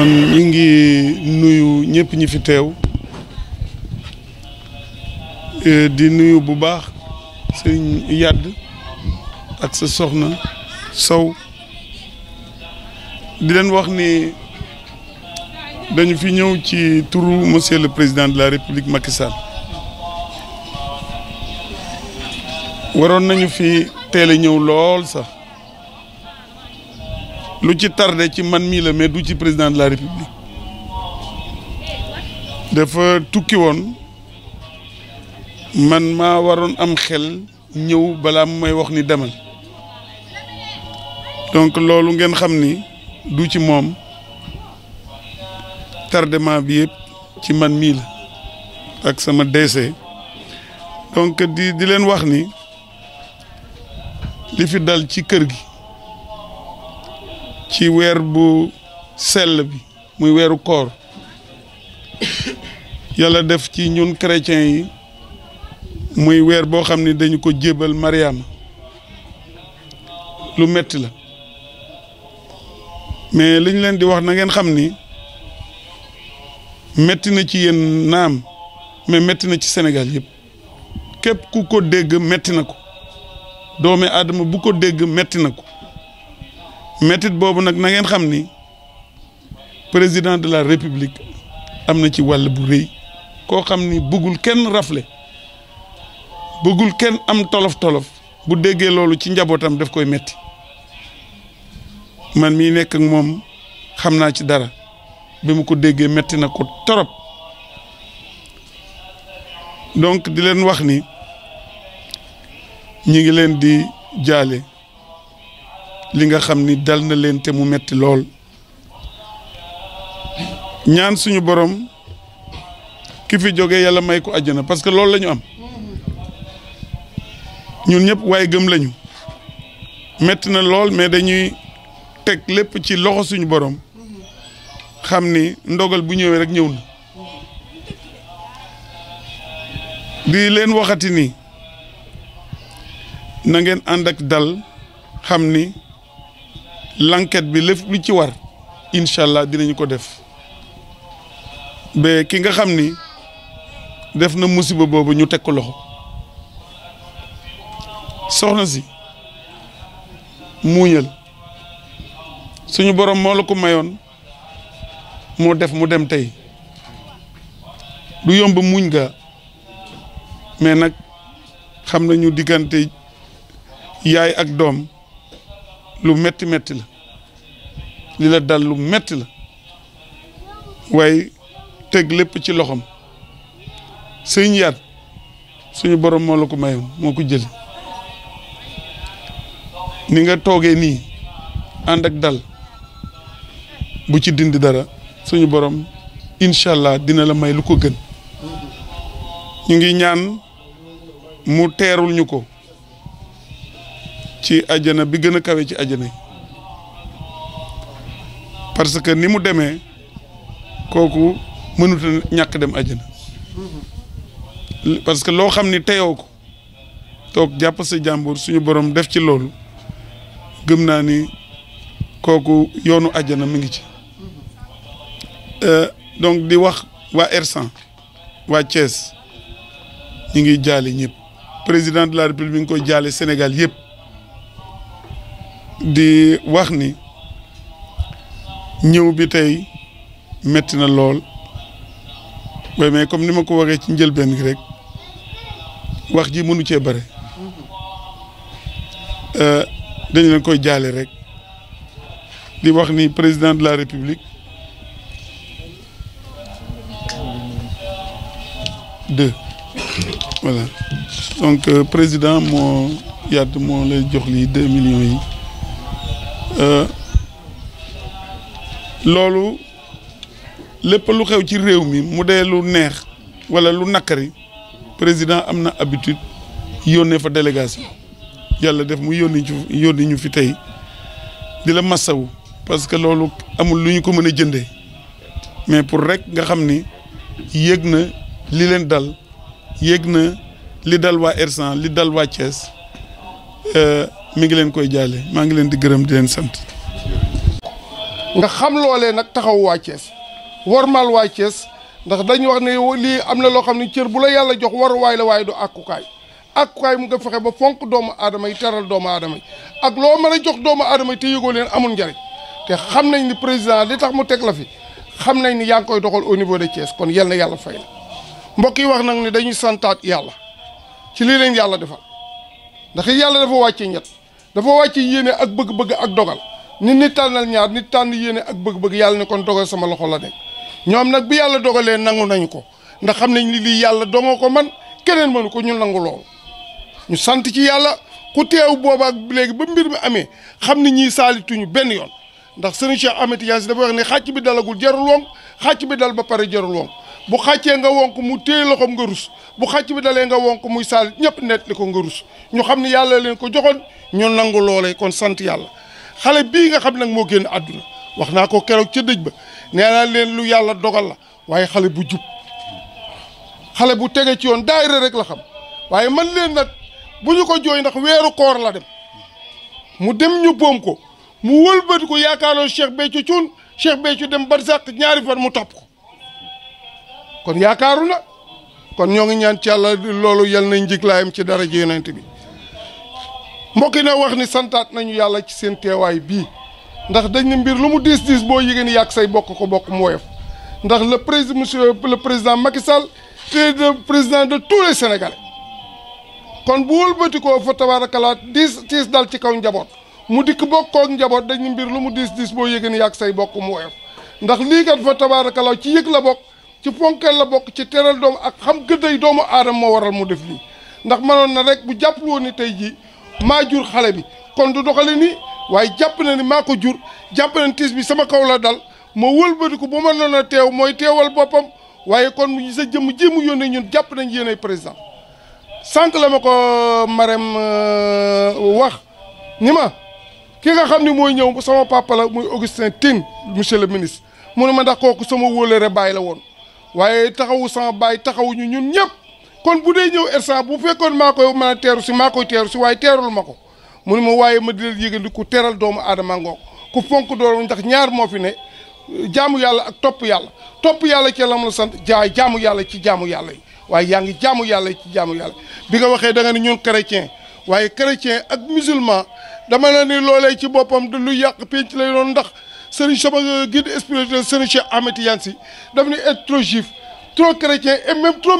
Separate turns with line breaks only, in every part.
kon ñu ngi nuyu ñëpp ñi fi teew e, di nuyu bu baax sëñ yàdd ak sa soxna sow di leen wax ni dañu fi ñëw ci turu monsieur le président de la république Macky Sall waroon nañu fi teel a ñëw lool sax lu ci tardé ci man mii la mais du ci président de la république dafa tukki woon man maa waroon am xel ñëw balaa mu may wax ni demal donc loolu ngeen xam ni du ci moom tardement bi yëpp ci man mii la ak sama décès donc di di leen wax ni li fi dal ci kër gi ci weer bu sell bi muy weeru koor yàlla def ci ñun chrétiens yi muy weer boo xam ni dañu ko jébal Mariama lu metti la mais li leen di wax nangeen xam ni metti na ci yéen naam mais metti na ci Sénégal yëpp képp ku ko dégg metti na ko doomi aadama bu ko dégg metti na ko mettit boobu nag nangeen xam ni président de la république am na ci wàll bu rëy koo xam ni bëggul kenn rafle bëggul kenn am tolof-tolof bu déggee loolu ci njabootam def koy metti man mii nekk moom xam naa ci dara bi mu ko déggee metti na ko torop donc di leen wax ni ñu ngi leen di jaale li nga xam ni dal na leen te mu metti lool ñaan suñu boroom ki fi jóge yàlla may ko àjjana parce que loolu lañu ñu am ñun ñëpp waaye gëm lañu metti na lool mais dañuy teg lépp ci loxo suñu boroom xam ni ndogal bu ñëwee rek ñëw na di leen waxati ni na ngeen ànd ak dal xam ni l'enquête bi lépp lu ci war incha allah dinañu ko def ba ki nga xam ni def na musiba boobu ñu teg ko loxo soxna si muuñal suñu borom moo la ko mayoon moo def mu dem tey du yomb muñ ga mais nag xam ñu diggante yaay ak doom lu metti metti la li la dal lu metti la waaye teg lépp ci loxoom sëñ yaat suñu borom moo la ko mayoon moo ko jël ni nga toogee nii ànd ak dal bu ci dindi dara suñu borom incha allah dina la may lu ko gën ñu ngi ñaan mu teerul ñu ko ci ajana bi gën a kawee ci ajana yi parce que ni mu demee kooku mënut ñàkk dem àjjana parce que loo xam ni teyoo ko toog jàpp sa jàmbur suñu borom def ci loolu gëm naa ni kooku yoonu àjjana mi ngi ci euh, donc di wax waa R100 waa Thiès ñu ngi jaale ñëpp président de la république mi ngi koy jaale Sénégal yëpp di wax ni ñëw bi tey metti na lool ba mais comme ni ma ko waxee ci njëlbeen gi rek wax ji mënu cee bare euh, dañ leen koy jaale rek li wax ni président de la république deux voilà donc euh, président moo yàdd moo lay jox lii de million yi. Euh, loolu lépp lu xew ci réew mi mu dee lu neex wala lu nakkari président am na habitude yónnee fa délégation yàlla def mu yónni ci yónni ñu fi tey di la massawu parce que loolu amul lu ñu ko mën a jëndee mais pour rek nga xam ni yéeg na li leen dal yéeg na li dal waa Hersent li dal waa Thiès euh, mi ngi leen koy jaale maa ngi leen di gërëm di leen sant nga xam loolee nag taxawu waa Thiès warmal waa Thiès ndax dañu wax ne lii am na loo xam ne cër bu la yàlla jox waruwaay la waaye du àkkukaay àkkukaay mu nga fexe ba fonk doomu aadama yi teral doomu aadama yi ak loo mën a jox doomu aadama yi te yëgoo leen amul njariñ te xam nañ ni président li tax mu teg la fi xam nañ ni yaa ngi koy doxal au niveau de Thiès kon yal na yàlla fay la mbokk yi wax nag ne dañuy santaat yàlla ci lii leen yàlla defal ndax yàlla dafa wàcce ñett dafa wàcce yéene ak bëgg-bëgg ak dogal nit ñi tànnal ñaar nit tànn yéene ak bëgg-bëgg yàlla ne kon dogal sama loxo la nekk ñoom nag bi yàlla dogalee nangu nañu ko ndax xam nañ ni lii yàlla dongo ko man keneen mënu ko ñu nangu ñu sant ci yàlla ku teew boobaak léegi ba mbir mi amee xam ne ñii saalituñu benn yoon ndax sëriñ Cheikh Ahmed Tidiane Sy dafa wax ne xàcc bi dalagul jarul woon xàcc bi dal ba pare jarul woon bu xàccee nga wonk mu téye loxoom nga rus bu xàcc bi dalee nga wonk muy saalit ñëpp net ko nga rus ñu xam ni yàlla leen ko joxoon ñu nangu loolee kon sant yàlla xale bii nga xam nag moo génn àdduna wax naa ko keroog ca dëj ba nee naa leen lu yàlla dogal la waaye xale bu jub xale bu tege ci yoon daayira rek la xam waaye man leen nag bu ñu ko jooy ndax weeru koor la dem mu dem ñu boom ko mu wëlbati ko yaakaaroo Cheikh Béthio Thioune Cheikh Béthio dem barsàq ñaari fan mu topp ko kon yaakaaru na kon ñoo ngi ñaan ci yàlla loolu yal nañ njiglaayam ci dara yonent bi mbokk yi na wax ni santaat nañu yàlla ci seen teewaay bii ndax dañ ne mbir lu mu diis diis boo yëgee ni yàgg say bokk ko bokk mu woyof ndax le président monsieur le président Macky Sall te le président de tous les sénégalais kon bu wëlbatikoo fa kalaat diis tiis dal ci kaw njaboot mu dikk bokkoog njaboot dañ ne mbir lu mu diis diis boo yëgee ni yàgg say bokk mu woyof ndax lii kat fa tabaarakala ci yëg la bokk ci ponkeel la bokk ci teral doom ak xam gëdday doomu aadama moo waral mu def lii ndax mënoon na rek bu jàppul woon ni tey jii. maa jur xale bi kon du doxale ni waaye jàpp na ni maa ko jur jàpp na ni tiis bi sama kaw la dal ma wëlbatiku ba ma noon a teew mooy teewal boppam waaye kon sa jëmm ji mu yónnee ñun jàpp nañ yéen ay président sànq la ma ko marem euh, wax ñi ma ki nga xam ni mooy ñëw sama papa la muy Augustin Tine monsieur le ministre mu ne ma ndax kooku sama wóolere baay la woon waaye taxawu sama baay taxawuñu ñun ñëpp kon bu dee ñëw ersa bu fekkoon maa koy mën a teeru si maa koy teeru si waaye teerul ma ko mu ne ma waaye ma di leen yëgal di ku teral doomu aadama ngoog ku fonk doomu ndax ñaar moo fi ne jaamu yàlla ak topp yàlla topp yàlla ci la la sant jaay jaamu yàlla ci jaamu yàlla waaye yaa ngi jaamu yàlla ci yàlla bi nga waxee danga ne ñun chrétien waaye chrétien ak musulman dama la ni loolee ci boppam du lu yàq penc lay doon ndax sëriñ sama guide spirituel sëriñ Cheikh Ahmed Tidiane Sy daf ne être trop juif trop même trop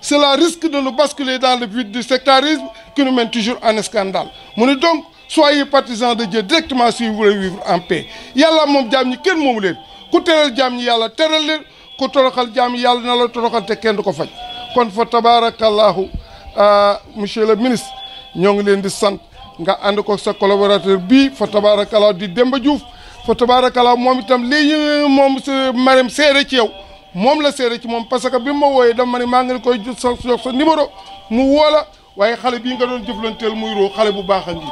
cela risque de nous basculer dans le vide du sectarisme qui nous mène toujours en mu ne donc soyez partisans de Dieu directement si vous voulez vivre en yàlla moom jaam ñi kenn moomu leen ku teral jaam ñi yàlla teral leen ku toroxal jaam ñi yàlla na la toroxal te kenn du ko faj kon fa tabarakallahu euh, monsieur le ministre ñoo ngi leen di sant nga ànd ko sa collaborateur bii fa tabarakallahu di Demba Diouf fa tabarakallahu moom itam léegi moom Marème seere ci yow moom la seere ci moom parce que bi ma wooyee dama ne maa ngi koy jot sa jox sa mu woo waaye xale bii nga doon jëflanteel muy roo xale bu baax a ngi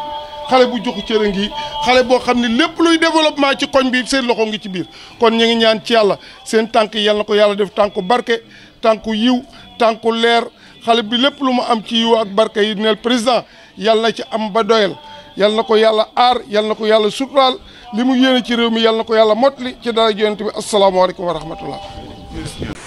xale bu joxu cër a ngi xale boo xam ne lépp luy développement ci koñ bi seen loxo ngi ci biir kon ñu ngi ñaan ci yàlla seen tànk yal na ko yàlla def tànku barke tànku yiw tànku leer xale bi lépp lu mu am ci yiw ak barke yi neel président yal na ci am ba doyal yal na ko yàlla aar yal na ko yàlla suturaal li mu yéene ci réew mi yal ko yàlla motli ci dara yonent bi asalaamaaleykum wa rahmatullah Yes, yes.